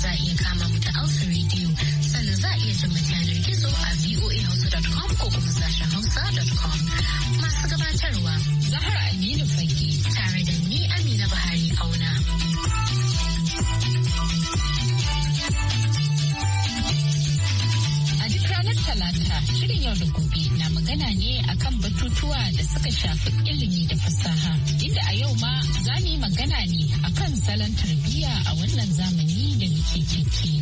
za a iya kama mu ta Alpha Radio sannan za a iya jin mu yanar gizo a voahausa.com ko kuma sashen hausa.com. Masu gabatarwa Zahra Aminu Fage tare da ni Amina Buhari Auna. A duk ranar Talata shirin yau da gobe na magana ne akan batutuwa da suka shafi ilimi da fasaha inda a yau ma za mu yi magana ne akan salon tarbiyya a wannan zamani da muke ciki.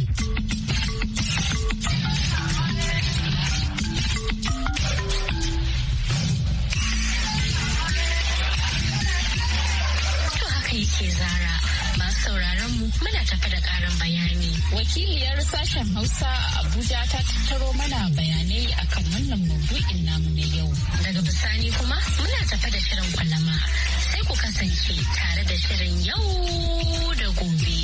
muna tafa da karin bayani. Wakiliyar sashen Hausa a Abuja ta tattaro mana bayanai akan wannan maudu'in namu na yau. Daga bisani kuma muna tafa da shirin kwalama sai ku kasance tare da shirin yau da gobe.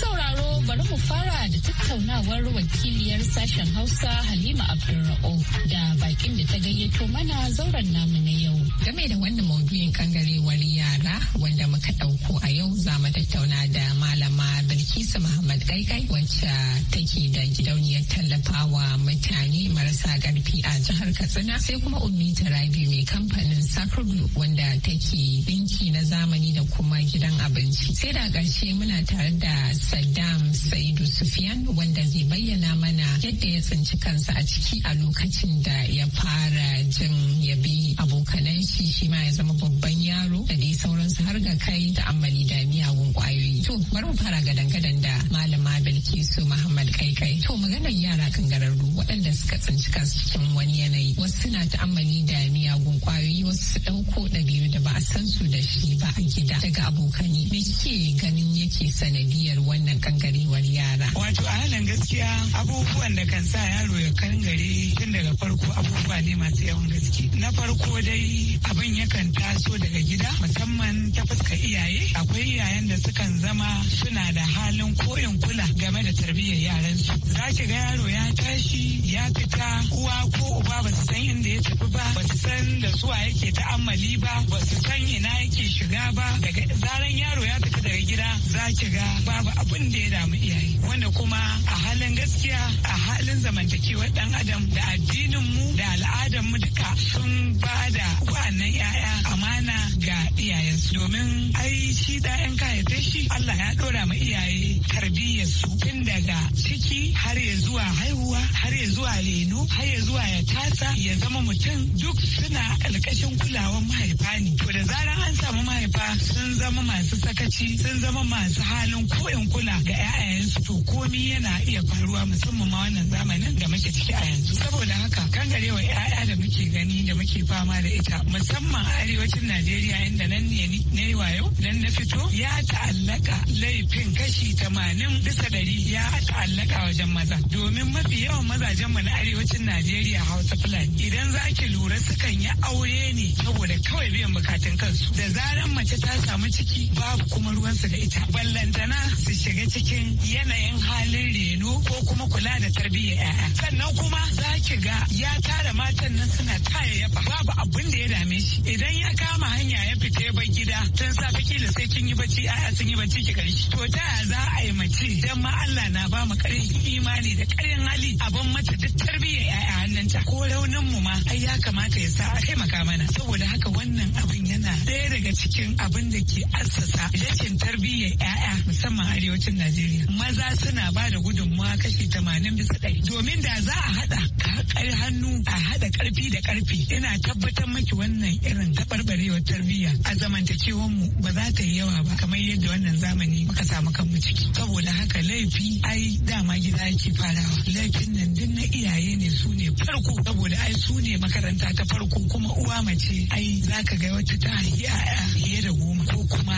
sauraro bari mu fara da tattaunawar wakiliyar sashen hausa halima abdulra'o da bakin da ta gayyato mana zauren namu na yau game da wannan maudu'in kangarewar yara wanda muka ɗauko a yau za mu tattauna da malama Bilkisu Muhammad Kaikai wacce take da gidauniyar tallafawa mutane marasa ƙarfi a jihar Katsina sai kuma Ummi Rabi mai kamfanin Sacroblue wanda take ɗinki na zamani da kuma gidan abinci. Sai da ƙarshe muna tare da Saddam Saidu sufiyan wanda zai bayyana mana yadda ya tsinci kansa a ciki a lokacin da ya fara jin ya bi abokanan shi ce shi ma ya zama babban yaro da dai sauransu har ga kai da ta'ammali da miyagun kwayoyi. To bari mu fara ga dangadan da malama Bilkisu Muhammad Kaikai. To maganar yara kan gararru waɗanda suka tsinci kansu cikin wani yanayi wasu suna ta'ammali da miyagun kwayoyi wasu su ɗauko ɗabi'u da ba a san su da shi ba a gida daga abokani. Me kike ganin yake sanadiyar wannan kangarewar yara? Wato a halin gaskiya abubuwan da kan sa yaro ya kangare tun daga farko abubuwa ne masu yawan gaske. Na farko dai abin yakan taso daga gida musamman ta fuska iyaye akwai iyayen da sukan zama suna da halin koyon kula game da tarbiyyar yaransu za ki ga yaro ya tashi ya fita uwa ko uba ba su san inda ya tafi ba ba su san da zuwa yake ta'ammali ba ba su san ina yake shiga ba daga zaran yaro ya fita daga gida za ki ga babu abin da ya damu iyaye wanda kuma a halin gaskiya a halin zamantakewar dan adam da addinin mu da al'adar mu duka sun ba da wa'annan 'ya'ya amana ga iyayensu domin ai shi da 'yan shi Allah ya dora ma iyaye tarbiyyarsu tun daga ciki har ya zuwa haihuwa har ya zuwa leno har ya zuwa ya tasa ya zama mutum duk suna alƙashin kulawar mahaifa ne to da zarar an samu mahaifa sun zama masu sakaci sun zama masu halin koyon kula ga 'ya'yansu to komi yana iya faruwa musamman ma wannan zamanin da muke ciki a yanzu saboda haka kangarewa 'ya'ya da muke gani da muke fama da ita musamman a arewacin Najeriya inda nan ne ne wayo dan na fito ya ta'allaka laifin kashi tamanin bisa dari ya ta'allaka wajen maza domin mafi yawan mazajen mu na arewacin Najeriya Hausa Fulani idan za ki lura sukan yi aure ne saboda kawai biyan bukatun kansu da zaran mace ta samu ciki babu kuma ruwansu da ita ballantana su shiga cikin yanayin halin reno ko kuma kula da tarbiyyar 'ya'ya sannan kuma za ki ga ya tara matan nan suna tayayyafa babu abin da ya dame same shi idan ya kama hanya ya fita ya bar gida tun safe kila sai kin yi bacci a'a sun yi bacci ki karshe to ta za a yi mace dan ma Allah na ba mu karin imani da karin hali abin mace duk tarbiyyar yaya hannunta ko raunin mu ma ai ya kamata ya sa a taimaka mana saboda haka wannan abin yana ɗaya daga cikin abin da ke assasa rashin tarbiyyar yaya musamman arewacin Najeriya maza suna ba da gudunmawa kashi tamanin bisa ɗari domin da za a haɗa haƙar hannu a haɗa ƙarfi da ƙarfi ina tabbatar maki wannan wannan irin taɓarɓarewar tarbiyya a zamantakewar mu ba za ta yi yawa ba kamar yadda wannan zamani muka samu kanmu ciki saboda haka laifi ai dama gida ake farawa laifin nan duk na iyaye ne su ne farko saboda ai su ne makaranta ta farko kuma uwa mace ai za ka ga wata ta haihi a fiye da goma ko kuma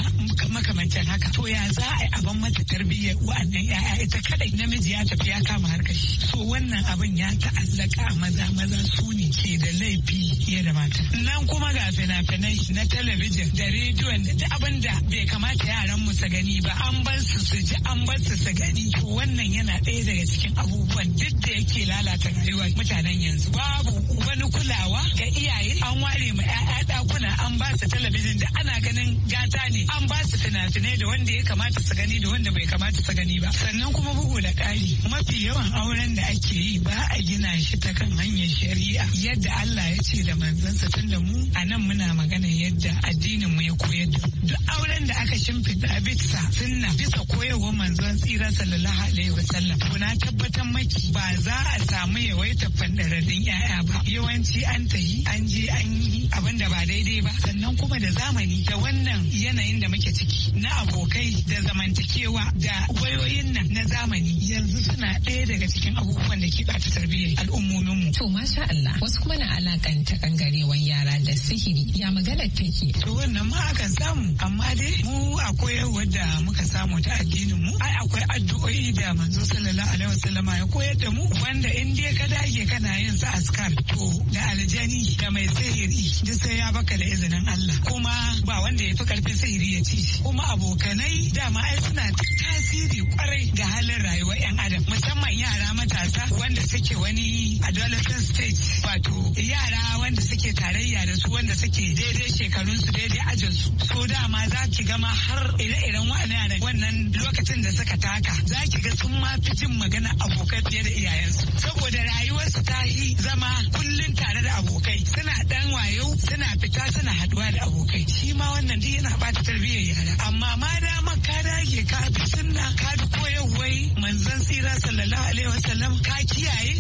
makamancin haka to ya za a yi abin mata tarbiyyar wa'annan ya'ya ita kadai namiji ya tafi ya kama harkar shi so wannan abin ya ta'allaka a maza maza su ne ke da laifi ya da mata nan kuma ga fina-finai na talabijin da rediyon da abin da bai kamata yaran mu su gani ba an bar su su ji an bar su su gani to wannan yana ɗaya daga cikin abubuwan duk da yake lalata rayuwar mutanen yanzu babu wani kulawa ga iyaye an ware ma 'ya'ya ɗakuna an ba su talabijin da ana ganin ga ta ne an ba su fina da wanda ya kamata su gani da wanda bai kamata su gani ba sannan kuma bugu da ƙari mafi yawan auren da ake yi ba a gina shi ta kan hanyar shari'a yadda Allah ya ce da manzansa tun da mu a nan muna magana yadda addinin mu ya koyar da duk auren da aka shimfiɗa bisa sunna bisa koyarwar manzon tsira sallallahu alaihi wa to na tabbatar maki ba za a samu yawaitar fandararrun 'ya'ya ba yawanci an tahi an je an yi abin da ba daidai ba sannan kuma da zamani da wannan yanayin da muke ciki na abokai da zamantakewa da wayoyin nan na zamani yanzu suna ɗaya daga cikin abubuwan da ke ɓata tarbiyyar al'ummominmu. To masha Allah wasu kuma na alakanta kangarewan yara da sihiri ya magana take. To wannan ma akan samu amma dai mu akwai da muka samu ta addinin mu ai akwai addu'o'i da manzo sallallahu alaihi wasallam ya koyar da mu wanda in dai ka dage kana yin sa askar to da aljani da mai sihiri duk sai ya baka da izinin Allah kuma ba wanda ya fi karfin sihiri ya ci shi kuma abokanai dama ai suna tasiri kwarai ga halin rayuwar yan adam musamman yara matasa wanda suke wani adolescent stage wato yara wanda suke tarayya da su wanda suke daidai shekarun su daidai ajin su so dama za ki gama har ire-iren wa'annan wannan lokacin da suka taka za ki ga sun ma fi jin magana abokai fiye da iyayensu saboda rayuwarsu ta yi zama kullum tare da abokai suna dan wayo suna fita suna haduwa da abokai shi ma wannan duk yana bata tarbiyyar yara amma ma dama ka dage ka bi sunna ka bi koyarwar manzon tsira sallallahu alaihi wasallam ka kiyaye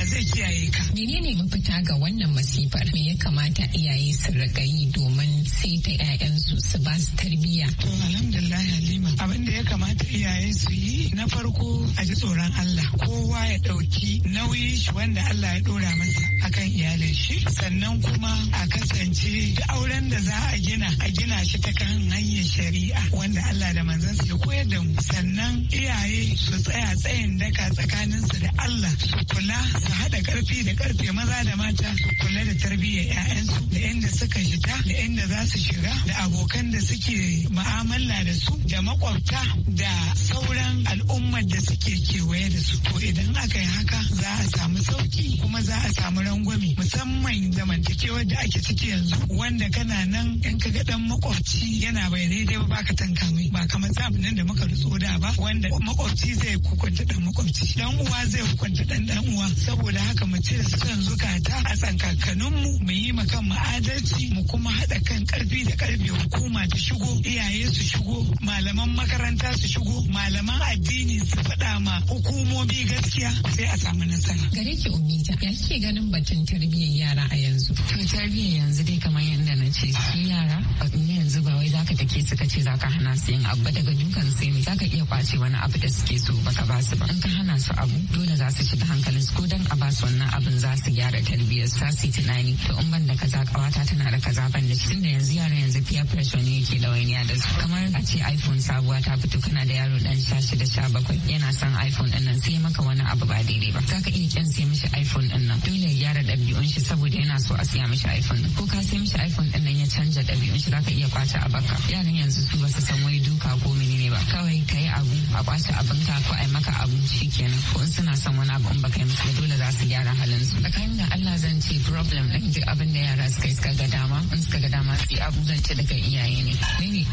Allah zai kiyaye ka. Menene mafita ga wannan masifar? Me ya kamata iyaye su riƙa yi domin saita 'ya'yansu su ba su tarbiyya? To alhamdulillah Halima abin da ya kamata iyaye su yi na farko a ji tsoron Allah kowa ya ɗauki nauyin shi wanda Allah ya ɗora masa akan iyalin shi sannan kuma a kasance da auren da za a gina a gina shi ta kan hanyar shari'a wanda Allah da manzansa ya koyar da mu sannan iyaye su tsaya tsayin daka tsakaninsu da Allah su kula su haɗa karfi da karfe maza da mata su kula da tarbiyyar 'ya'yansu da inda suka shiga da inda za su shiga da abokan da suke ma'amala da su da makwabta da sauran al'ummar da suke kewaye da su to idan aka yi haka za a samu sauki kuma za a samu rangwame musamman zamantakewar da ake ciki yanzu wanda kana nan in ka ga dan makwabci yana bai daidai ba baka tanka mai ba kamar zamanin da muka rutso da ba wanda makwabci zai hukunta dan makwabci dan uwa zai hukunta dan dan uwa saboda haka mu cire son zukata a tsankakaninmu mu yi ma kan adalci mu kuma haɗa kan ƙarfi da ƙarfi hukuma ta shigo iyaye su shigo malaman makaranta su shigo malaman addini su faɗa ma hukumomi gaskiya sai a samu nasara. Gare ki Umita ya kike ganin batun tarbiyyar yara a yanzu? To tarbiyyar yanzu dai kamar yadda na ce su yara ne yanzu ba wai zaka su suka ce zaka hana su yin abu daga dukan sai ne zaka iya kwace wani abu da suke so baka ba su ba. In ka hana su abu dole za su shiga hankalin su ko dan a ba su wannan abin za su gyara tarbiyyar sa su yi tunani to in ban da kaza kawata tana da kaza ban da da yanzu yara yanzu peer pressure ne yake ɗawainiya da su kamar a ce iphone sabuwa ta fito kana da yaro dan sha shida sha bakwai yana son iphone ɗin nan sai maka wani abu ba daidai ba za ka iya kyan sai mishi iphone ɗin nan dole ya gyara ɗabi'un shi saboda yana so a siya mishi iphone ko ka sai mishi iphone ɗin canja ɗabi'un shi ka iya kwace a baka yaran yanzu su basu san wai duka ko ne ba kawai ka yi abu a kwace a ka ko a yi maka abu kenan ko in suna son wani abu in baka yi musu dole za su gyara halin su tsakanin da Allah zan ce problem ɗin duk abin da yara suka yi suka ga dama in suka ga dama su yi abu zan ce daga iyaye ne ne ne in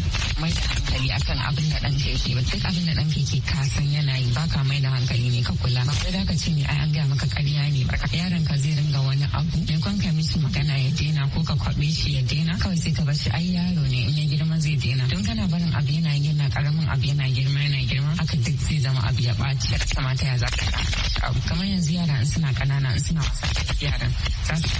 baka mai da hankali akan abin da ɗan ke yake ba duk abin da ɗan ke yake ka san yana yi baka mai da hankali ne ka kula ba sai da ka ce ne ai an gaya maka karya ne ba yaran ka zai ringa wani abu ne kwan ka mishi magana ya daina ko ka kwaɓe yi shi ya kawai sai ka bashi ai yaro ne in ya girma zai daina don kana barin abu yana yana karamin abu yana girma yana girma haka duk zai zama abu ya ɓaci ya kamata ya zaka abu kamar yanzu yara in suna ƙanana in suna wasa yaran za su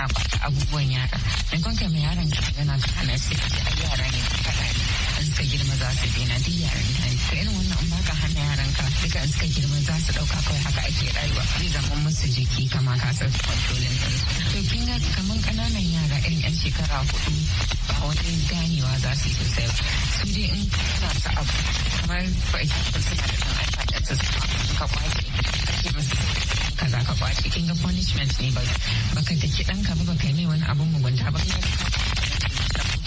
na ɓata abubuwan yara in kun kai mai yaran ka yana kana sai ka ai yara ne ka faɗa ne in suka girma za su dena duk yaran ta ne ta irin wannan haka duka in suka girma za su ɗauka kawai haka ake rayuwa zai zama musu jiki kama kasar kwantolin to kin ga kaman kananan yara irin yan shekara hudu ba wani ganewa za su yi sosai ba su dai in suna sa abu kamar ba suna da kan alfaɗar su ka kwace ake musu kaza ka kwace kin ga punishment ne ba baka daki danka ba baka yi mai wani abun mugunta ba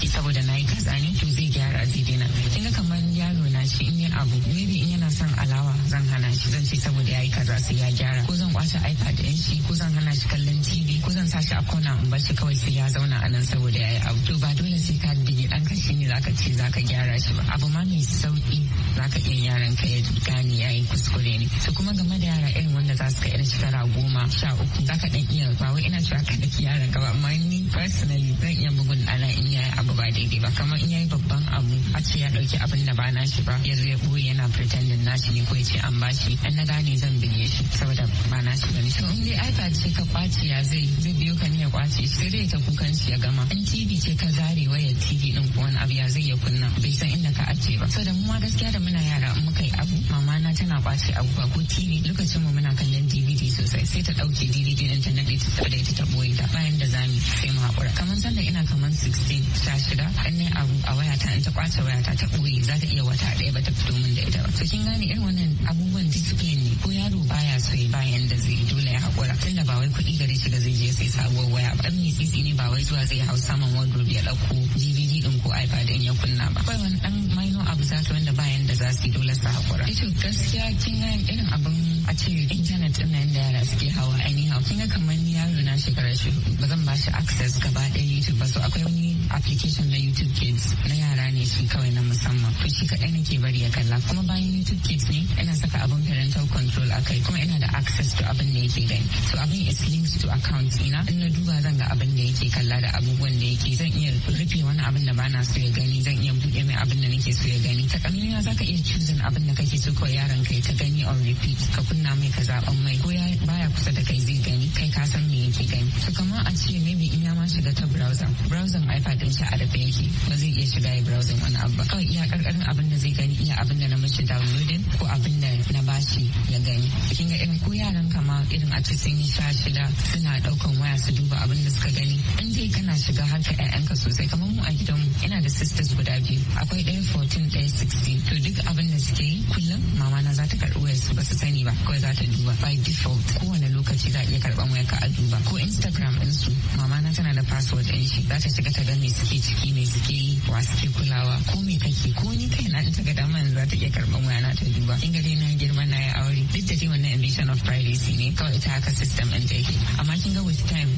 saboda na yi kaza ne to zai gyara zai daina in ga kamar yaro na shi in yin abu maybe in yana son alawa zan hana shi zan ce saboda ya yi kaza sai ya gyara ko zan kwace ipad din shi ko zan hana shi kallon tv ko zan sa shi a kona in bar shi kawai sai ya zauna a nan saboda ya yi abu to ba dole sai ka dige ka shi ne zaka ce zaka gyara shi ba abu ma mai sauki zaka iya yaran ka ya gane yi kuskure ne su kuma game da yara irin wanda za su kai irin shekara goma sha uku zaka dan iya ba wai ina cewa ka daki yaran ka ba amma ni personally zan iya bugun ala in ya yi abu ba daidai ba kamar in ya yi babban abu a ce ya dauki abin da ba shi ba ya zo ya boye yana pretending nashi ne ko ya ce an bashi an na gane zan bige shi saboda ba ba ne to in dai iPad ce ka kwace ya zai zai biyo ka ne ya kwace sai dai ta kukan shi ya gama an TV ce ka zare waya TV din wani abu ya zai ya kunna bai san inda ka ajiye ba so da mu ma gaskiya da muna yara mu muka yi abu mama na tana kwace abu ba ko tv lokacin mu muna kallon dvd sosai sai ta dauke dvd din ta nade ta da ita ta boye ta bayan da zamu sai mu hakura kamar sanda ina kamar 16 sha shida ne abu a wayata in ta kwace waya ta ta boye za ta iya wata daya ba ta fito min da ita ba to kin gane irin wannan abubuwan discipline ne ko yaro baya so ya bayan da zai dole ya hakura tunda ba wai kuɗi gare shi da zai je sai sabuwar waya ba in mai ne ba wai zuwa zai hau saman wardrobe ya dauko dvd ko ipad in ya kunna ba akwai wani dan maino abu za wanda bayan da za su yi dole su haƙura. Ita eh gaskiya kin ga irin abin a ce intanet din nan da yara suke hawa anyhow kinga kamar ni yaro na shekara shi ba zan ba shi access gaba ɗaya YouTube ba so akwai wani application na YouTube Kids na yara ne shi kawai na musamman ko shi kaɗai nake bari ya kalla kuma bayan YouTube Kids ne ina saka abun parental control a kai kuma ina da access to abin da yake gani so abin is linked to account ina in na duba zan ga abin da yake kalla da abubuwan da yake zan iya rufe wani abin da bana so ya gani zan iya buɗe mai abin da nake so ya gani ta takamina zaka iya choosing abin da kake so ko yaron kai ta gani on repeat ka kunna mai ka zaben mai ko ya baya kusa da kai zai gani kai ka san me yake gani to kama a ce maybe in ya ma shiga ta browser browser ipad din shi a rufe yake ba zai iya shiga ya browser wani abu ba kawai iya karkarin abin da zai gani iya abin da na mishi downloading ko abin da na bashi ya gani kin ga irin ko yaran kama irin a ce sun yi sha shida suna ɗaukan waya su duba abin da suka gani in dai kana shiga harka ka sosai kamar mu a gidanmu ina da sisters guda biyu akwai ɗaya 14 ɗaya 16 to duk abin da suke yi kullum mama na za ta karɓi wayar su ba su sani ba kawai za ta duba by default kowane lokaci za a iya karban wayanka a duba ko instagram din su mama na tana da password din shi za ta shiga ta ga me suke ciki me suke yi wa suke kulawa ko me kake ko ni kai na ta ga dama za ta iya karban wayana ta duba in ga dai na girma na yi aure duk da dai wannan invasion of privacy ne kawai ta haka system din take amma kin ga with time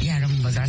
yaran ba za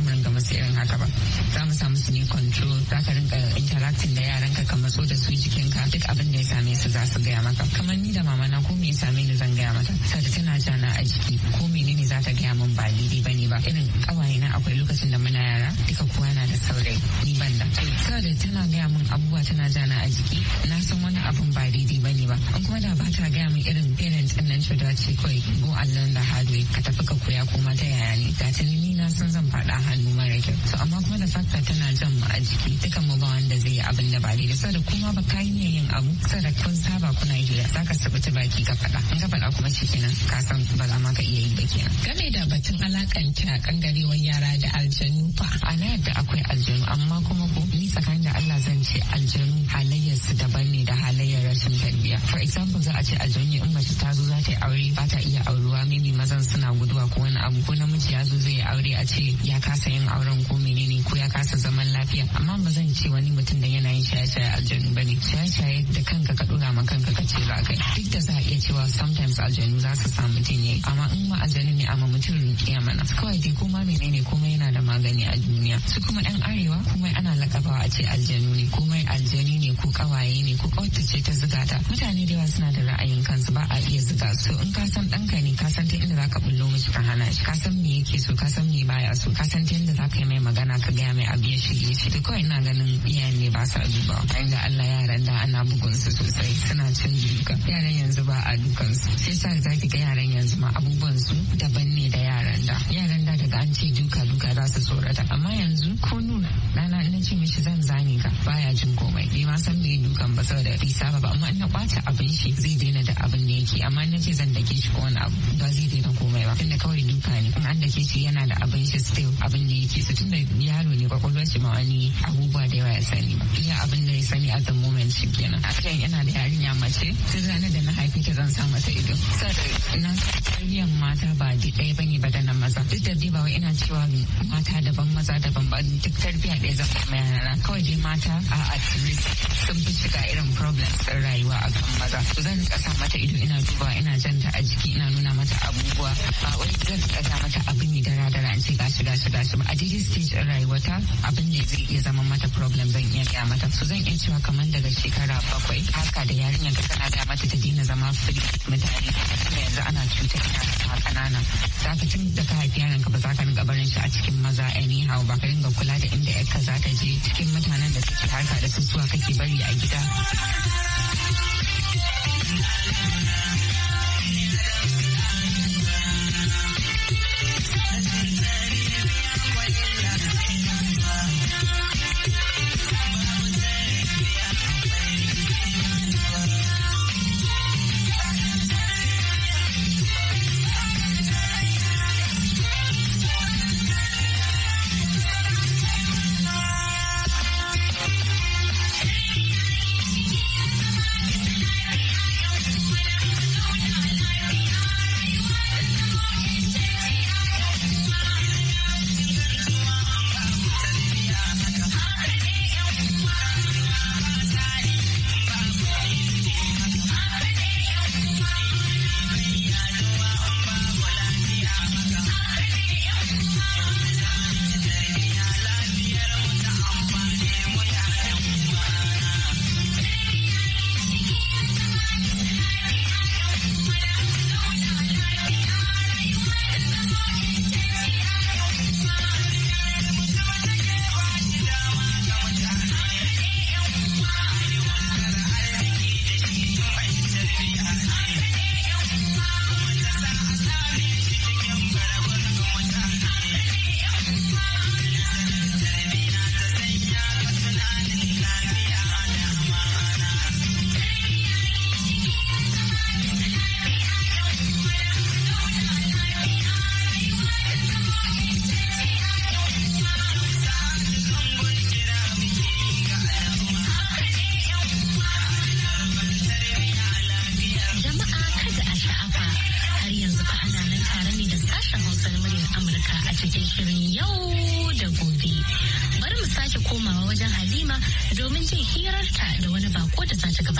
mu ringa musu irin haka ba za mu samu su ne control za ka ringa interacting da yaran ka ka matso da su jikin ka duk abin da ya same su za su gaya maka kamar ni da mama na ko me ya same ni zan gaya mata saboda tana jana a jiki ko menene za ta gaya min ba daidai ba ne ne ba irin kawaye na akwai lokacin da muna yara duka kuwa na da saurayi ni ban da saboda tana gaya min abubuwa tana jana a jiki na san wani abun ba daidai ba ne ba an kuma da ba ta gaya min irin parents din nan cewa ce kai go Allah da hadu ka tafi ka koya kuma ta yaya ne ga ni na san zan faɗa hannu mara kyau to amma kuma da fakta tana jan mu a jiki dukan mu ba wanda zai yi abin da ba daidai da kuma ba kai yi yin abu da kun saba kuna yi za ka sabuta baki ka faɗa in ka fada kuma shi kenan ka san ba za ma ka iya yi ba kenan game da batun alakan kira kangarewar yara da aljanu fa a na yadda akwai aljanu amma kuma ko ni tsakanin da Allah zan ce aljanu halayyar su daban ne da halayyar rashin tarbiyya for example za a ce aljanu in mace ta zo za ta yi aure ba ta iya aurewa mimi mazan suna guduwa ko wani abu ko namiji ya zo zai yi aure a ce ya kasa yin auren ko menene ko ya kasa zaman lafiya amma ba zan ce wani mutum da yana yin shaye-shaye aljanu ba ne shaye-shaye da kanka ka dora ma kanka ka ce ba kai duk da za a iya cewa sometimes aljanu za su samu mutum yayi amma in ma aljanu ne amma mutum ya mana kawai dai kuma menene kuma yana da magani a duniya su kuma yan arewa kuma ana lakabawa a ce aljanu ne kuma aljani ne ko kawaye ne ko kawai ce ta zuga ta mutane da yawa suna da ra'ayin kansu ba a iya zuga su in ka san kasan ne ka san ta inda zaka bullo mishi ka hana shi ka san me yake so ka san me baya so ka san ta inda zaka yi mai magana ka gaya mai abu ya shige shi to kawai ina ganin iyayen ne ba sa duba inda Allah yaran da ana bugun su sosai suna cin duka yaran yanzu ba a dukansu sai sa zaki ga yaran yanzu ma abubuwan su daban ne da yaran da yaran da daga an ce duka duka za su tsorata amma yanzu ko nuna ɗana ina ce mishi zan zane ka baya jin komai bai ma san mai dukan ba saboda bai saba ba amma ina kwace abin shi zai daina da abin da yake amma ina ce zan dake shi ko wani abu ba zai daina komai ba tunda kawai duka ne in an dake shi yana da abin shi still abin da yake su tunda yaro ne kwakwalwar shi ma wani abubuwa da yawa ya sani ba iya abin da ya sani at the moment shi kenan akan yana da yarinya mace tun ranar da na haifi ta zan sa mata ido saboda nan tarbiyyar mata ba ɗaya ba ne ba da na maza da dai ba ina cewa mata daban maza daban ba duk tarbiyya ya zan kuma yana kawai dai mata a at risk sun fi shiga irin problems in rayuwa a kan maza to zan kasa mata ido ina duba ina janta a jiki ina nuna mata abubuwa ba wai zan kasa mata abin ne dara dara in ce gashi gashi gashi ba a daidai stage rayuwa ta abin ne zai iya zama mata problem zan iya gaya mata su zan iya cewa kamar daga shekara bakwai haka da yarinya ka kana gaya mata ta daina zama free mutane yanzu ana cutar ina kanana za ka tun da ka haifi yaron ka ba za ka riga barin shi a cikin maza anyhow ba ka rinka kula da inda yarka za ta je cikin mutanen da suke harka da su suwa kake bari a gida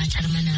gabatar mana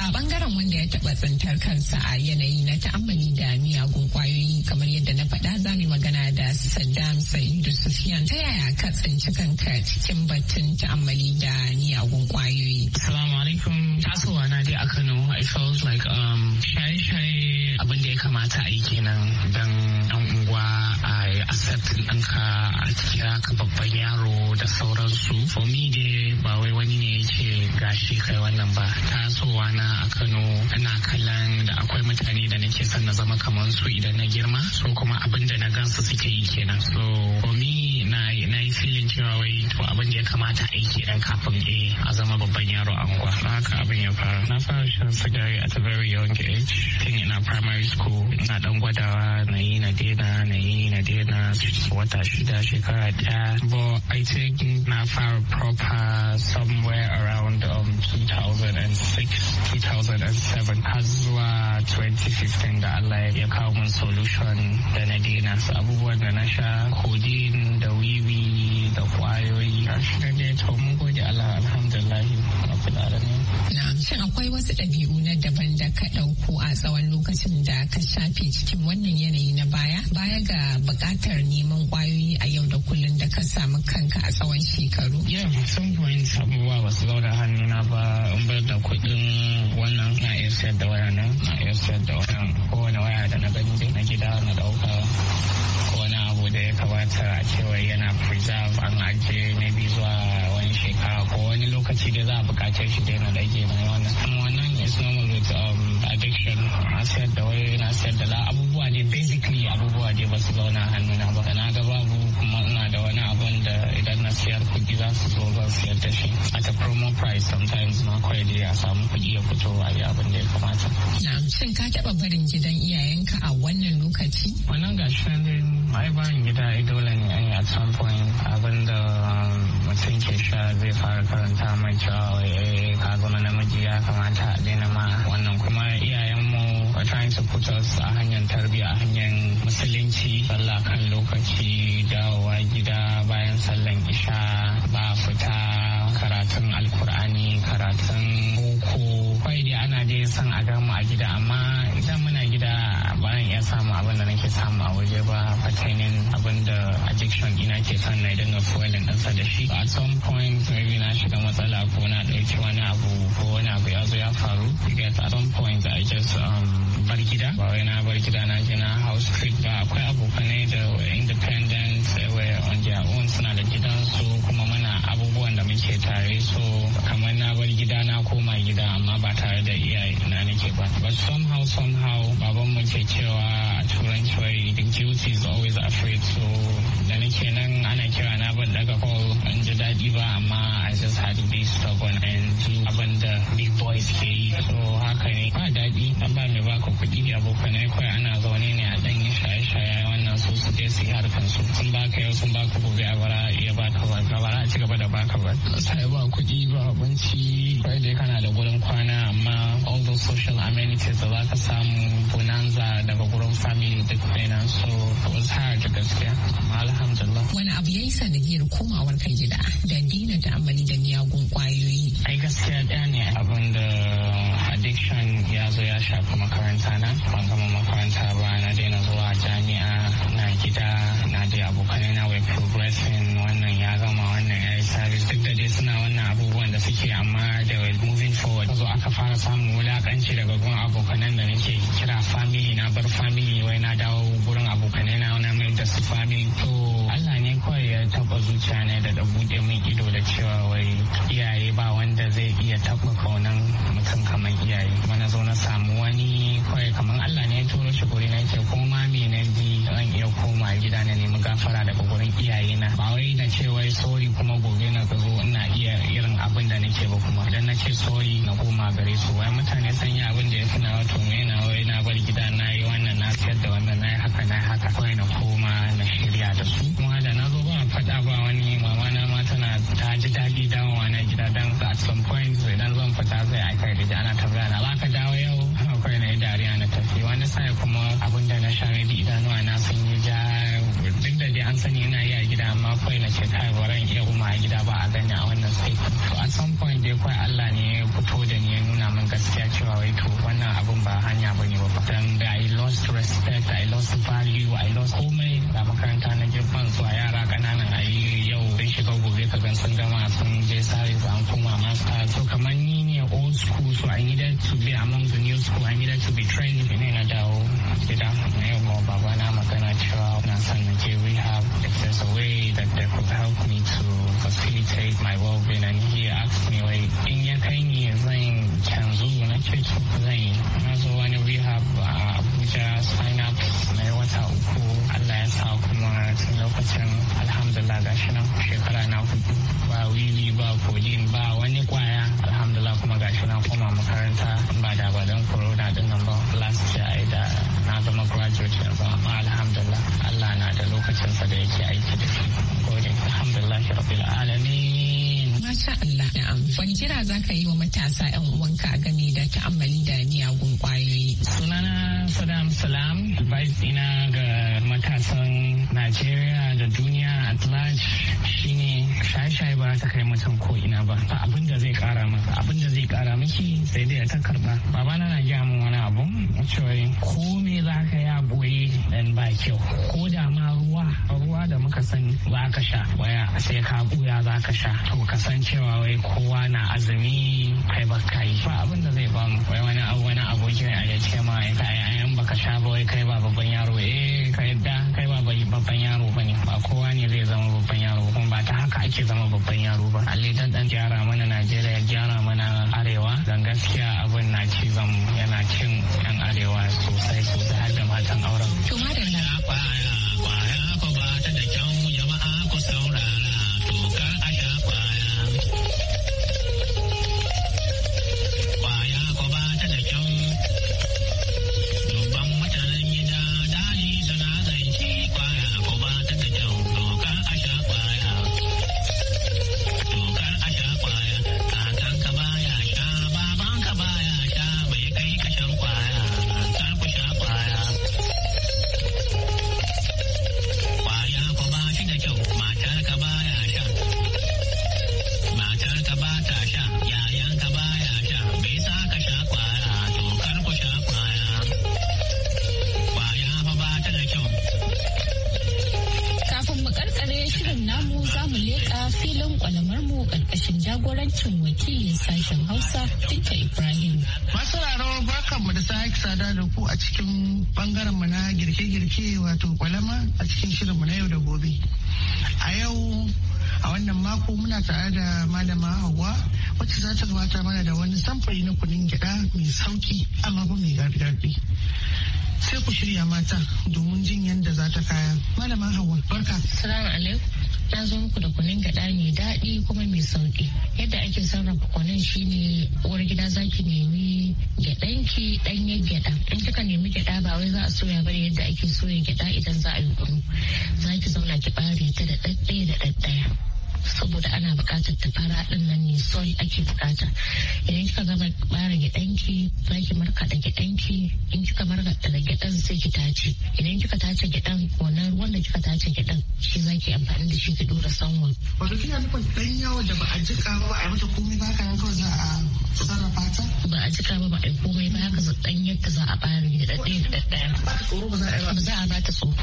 a bangaren wanda ya taba tsintar kansa a yanayi na ta'ammali da miyagun kwayoyi kamar yadda na faɗa za mu magana da saddam sa'idu sufiyan ta yaya ka tsinci kanka cikin batun ta'ammali da miyagun kwayoyi assalamu alaikum tasowa na dai a kano i felt like um, shaye-shaye abin da ya kamata a yi kenan dan dan unguwa a accept ɗinka a cikin ka babban yaro da sauransu for me dai ba wai wani ne yake gashi kai wannan ba tasowa na a Kano ina kallon da akwai mutane da nake son na zama kamar su idan na girma so kuma abin da na gansu suke yi kenan so for me na yi filin cewa wai to abin da ya kamata a yi kenan kafin eh, a zama babban yaro a unguwa haka abin ya fara na fara shan sigari at a very young age tun ina primary school ina dan gwadawa na yi na dena na yi na dena wata shida shekara daya but I think na fara proper somewhere around um, 2006 2007 har zuwa 2015 da Allah ya kawo mun solution da na dena abubuwan da na sha kodin da wiwi da kwayoyi da dai to mun gode Allah alhamdulillahi rabbil alamin na'am shi akwai wasu ɗabi'u na daban da ka ɗauko a tsawon lokacin da ka shafe cikin wannan yanayi na baya baya ga buƙatar neman kwayoyi a yau da kullum da ka samu kanka a tsawon shekaru yau sun point abubuwa ba su zauna hannuna ba in bar da kuɗin wannan na iya sayar da waya nan na iya sayar da waya kowane waya da na gani na gida na ɗauka da ya kamata a cewa yana preserve an ajiye na bi zuwa wani shekara ko wani lokaci da za a bukace shi da yana dage mai wannan wannan is normal with um, addiction a sayar da wayoyi na sayar da abubuwa ne basically abubuwa ne ba su zauna hannuna ba na ga babu kuma ina da wani abun da idan na siyar kuɗi za su zo ba siyar da shi at a promo price sometimes na kawai dai a samu kuɗi ya fito a yi abin da ya kamata. na shin ka taɓa barin gidan iyayenka a wannan lokaci? wannan gashi ai gida dole ne an yi at some abinda um, mutum ke sha zai fara karanta mai cewa eh ka zama namiji ya kamata a daina ma wannan kuma iyayenmu are trying to put us a hanyar tarbiyya a hanyar musulunci sallah kan lokaci dawowa gida bayan sallan isha ba fita karatun alkur'ani karatun boko kawai dai ana dai san a gama a gida amma idan muna gida bayan iya samu abin da nake samu a waje ba pertaining abin da addiction ina ke son na dinga fuelin ɗansa da shi at some point maybe na shiga matsala ko na ɗauki wani abu ko wani abu ya zo ya faru because at some point I just um, bar gida ba wai na bar gida na je na house street ba akwai abokanai da independent on their own suna da gidansu kuma muna abubuwan da muke tare so kamar na bar gida na koma gida amma ba tare da iyaye na nake ba but somehow somehow baban mu ke cewa a turanci wai the guilty is always afraid so da nake nan ana kira na ban daga call ji daɗi ba amma I just had to be stubborn and do abin da big boys ke yi so haka ne ba daɗi an ba mai baka kuɗi abokanai kawai ana zaune ne a ɗan su yi harkar su sun baka yau sun baka gobe a bara ya baka ba ka bara a ci gaba da baka ba sai ba kuɗi ba abinci kai dai kana da gurin kwana amma all those social amenities da za ka samu bonanza daga gurin family duk ɗaya so it was hard gaskiya amma alhamdulillah wani abu ya yi sanadiyar komawar kai gida da dina da amali da miyagun kwayoyi ai gaskiya ɗaya ne abin da addiction ya zo ya shafi makaranta na ban gama makaranta ba na daina zuwa jami'a likita na da abokanai na wai progressing wannan ya gama wannan ya yi service duk da dai suna wannan abubuwan da suke amma da moving forward zo aka fara samun wulakanci daga gun abokanan da nake kira family na bar family wai na dawo gurin abokan na na mai da su family to Allah ne kawai ya taba zuciya ne da da bude min ido da cewa wai iyaye ba wanda zai iya taba kaunan mutum kamar iyaye kuma zo na samu wani kawai kamar Allah ne ya turo shi guri na yake kuma iya koma gida na nemi gafara daga gurin iyayena ba wai na ce wai sori kuma gobe na zo ina iya irin abin da nake ba kuma idan na ce sori na koma gare su wai mutane san yi abin da ya suna wato me na wai na bar gida na yi wannan na sayar da wannan na yi haka na yi haka kawai na koma na shirya da su kuma da na zo ba faɗa ba wani mama na ma tana ta ji daɗi dawowa na gida dan at some point idan zan fita zai kai da ana tambaya na ba ka sa kuma abin da na sha maybe idanuwa na sun yi ja duk da dai an sani ina yi a gida amma kawai na ce kai ran iya kuma a gida ba a gani a wannan sai to a some point dai kawai Allah ne ya fito da ni ya nuna min gaskiya cewa wai to wannan abin ba hanya bane ba dan da I lost respect I lost value I lost komai da makaranta na girman su a yara kananan ayi yau sun shiga gobe ka gan sun gama sun je sai an koma master school, so I needed to be among the new school. I needed to be trained. na dawo gida na yau magana cewa san na je a way that help me to facilitate my well And he asked me in ya kai ni zan canzu na Na wani rehab a uh, kira sign na yi wata uku allah ya sa kuma tun lokacin alhamdulillah ga shi nan shekara na hudu ba wili ba kodin ba wani kwaya alhamdulillah kuma ga shi nan koma makaranta ba da ba don corona din nan ba last year ai da na zama graduate ba amma alhamdulillah allah na da lokacinsa da yake aiki da shi alhamdulillah rabbil alamin Masha Allah. Na'am. Wani kira za ka yi wa matasa 'yan uwanka game da ta'ammali da miyagun kwayoyi? Sunana sadam Salam, vice ina ga matasan Najeriya da duniya at large shine shashai shaye ba ta kai mutum ko ina ba. Ba abin da zai kara masa abin da zai kara miki sai dai ta karba. Babana na gaya min wani abu, cewa ko me za ka yi a boye dan ba kyau. Ko da ma ruwa ruwa da muka san za ka sha waya sai ka buya za ka sha to ka cewa wai kowa na azumi kai ba yi ba abin da zai ba mu wai wani abu wani aboki ne a ya ce ma ya kai ayan baka sha ba wai kai ba babban yaro eh ka yadda kai ba babban yaro bane ba kowa ne zai zama babban yaro kuma ba ta haka ake zama babban yaro ba alle dan dan gyara mana Najeriya gyara mana arewa dan gaskiya abin na ci zamu yana cin yan arewa sosai sosai har da matan auren to madalla Why? sai ku shirya mata domin jin yadda za ta kaya Malaman hawa barka salamu alaikum na zo muku da kunin gada mai daɗi kuma mai sauƙi yadda ake sarrafa kunin shine uwar gida za ki nemi gyaɗanki ɗanyen gyaɗa in kika nemi gyaɗa ba wai za a soya ba yadda ake soya gyaɗa idan za a yi kunu za ki zauna ki ɓare ta da ɗaɗɗaya da ɗaɗɗaya saboda ana bukatar ta fara din nan ne soy ake bukata idan kika gama bara gidanki zaki markaɗa gidanki in kika da gidan sai ki tace idan kika tace gidan wannan ruwan da kika tace gidan shi zaki amfani da shi ki dora sanwa wato kina nufin dan yawo da ba a jika ba a mata komai ba haka kawai za a sarrafa ta ba a jika ba ba a komai ba haka za dan yadda za a bara gidan da ɗaya ba za a ba ta tsoro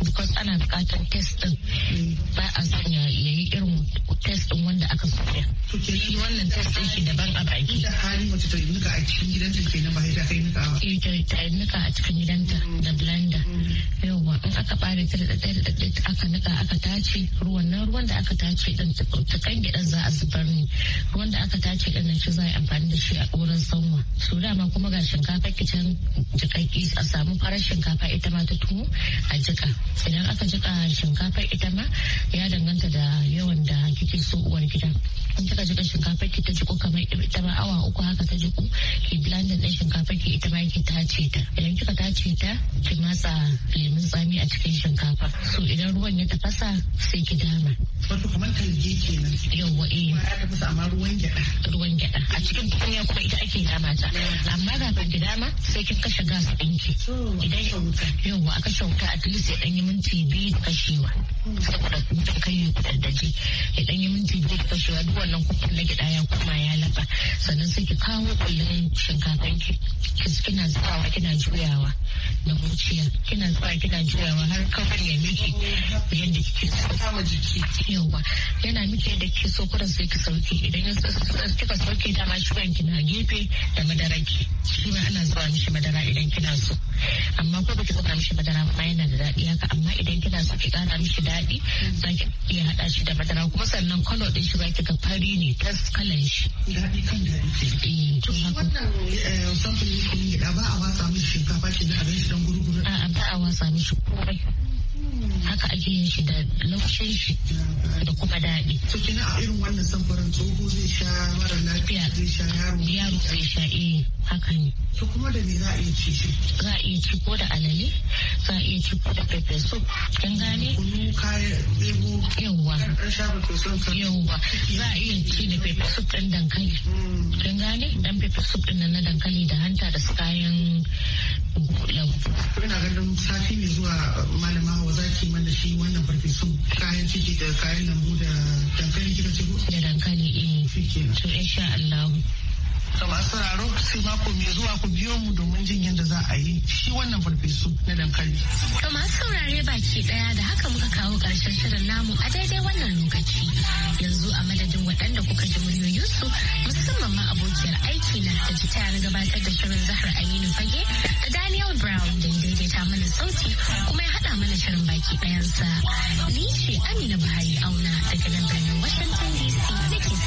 because ana bukatar test din ba a sanya yayi irin test din wanda aka soya. Shi wannan test din shi daban a baki. Da hali mace ta yi nuka a cikin gidanta ke nan ba ta kai nika ba. Eh ta yi nuka a cikin gidanta da blender. Yawwa in aka bare ta da ɗaya aka nuka aka tace ruwan nan ruwan da aka tace ɗin ta kan gidan za a zubar ni. Ruwan da aka tace ɗin nan shi za a yi amfani da shi a wurin sanwa. So dama kuma ga shinkafa kicin jikakki a samu farar shinkafa ita ma ta tuhu a jika. Idan aka jika shinkafar ita ma ya danganta da yawan yawan da kike so uwar gida in kika jika shinkafar ki ta jiko kamar ita ma awa uku haka ta jiko ki blandin din shinkafar ki ita ma ki tace ta idan kika tace ta ki matsa lemun tsami a cikin shinkafa so idan ruwan ya tafasa sai ki dama wato kamar talge kenan yawwa eh ya tafasa amma ruwan gyada ruwan gyada a cikin tukunya kuma ita ake dama ta amma ban ki dama sai kin kashe gas ɗinki idan ya wuta yawwa a kashe wuta a tilis ya yi minti biyu kashewa hmm. saboda mutum kai ya kudaddaje wannan kullun na gida ya koma ya lafa sannan sai ki kawo kullun shinkafan ki kina zuwa kina juyawa da zuciya kina zuwa kina juyawa har kafar ya miki yadda kike so kama jiki yawa yana miki yadda kike so kuran sai ki sauke idan ya kika sauke dama ciwon kina gefe da madaraki shi ma ana zuwa mishi madara idan kina so amma ko baki zuba mishi madara ba yana da daɗi haka amma idan kina so ki kara mishi daɗi za ki iya haɗa shi da madara kuma sannan kwalo ɗin shi za ki ga fari ne ta kalan shi. Daɗi kan daɗi. Eh. To wannan samfin ne kun yi ba a ba mishi shinkafa ke da abinci dan gurguru a'a ba a wasa mishi komai haka ake yin shi da laushin shi da kuma daɗi. To kina a irin wannan samfarin tsoho zai sha mara lafiya zai sha yaro. Yaro zai sha eh haka ne. To kuma da me za a iya ci shi? Za a iya ci ko da alale, za a iya ci ko da pepper soup. Kin gane? Kunu kayan lebo. Yawwa. Ɗan sha son ka Yawwa. Za a iya ci da pepper soup ɗin dankali. Mm. Kin gane? Ɗan pepper soup ɗin na dankali da hanta da su kayan ina ganin sati ne zuwa malama hawa zaki mana shi wannan farfesun kayan ciki da kayan lambu da dankali kika ce ko da dankali eh to insha Allah ga masu raro sai mako mai zuwa ku biyo mu domin jin yadda za a yi shi wannan farfesu na dankali. To masu saurare baki daya da haka muka kawo karshen shirin namu a daidai wannan lokaci. Yanzu a madadin waɗanda kuka ji muryoyinsu musamman ma abokiyar aiki na da ta na gabatar da shirin Zahra Aminu Fage da Daniel Brown da ya daidaita mana sauti kuma ya haɗa mana shirin baki ɗayansa. Ni ce Amina Buhari Auna daga nan birnin Washington DC nake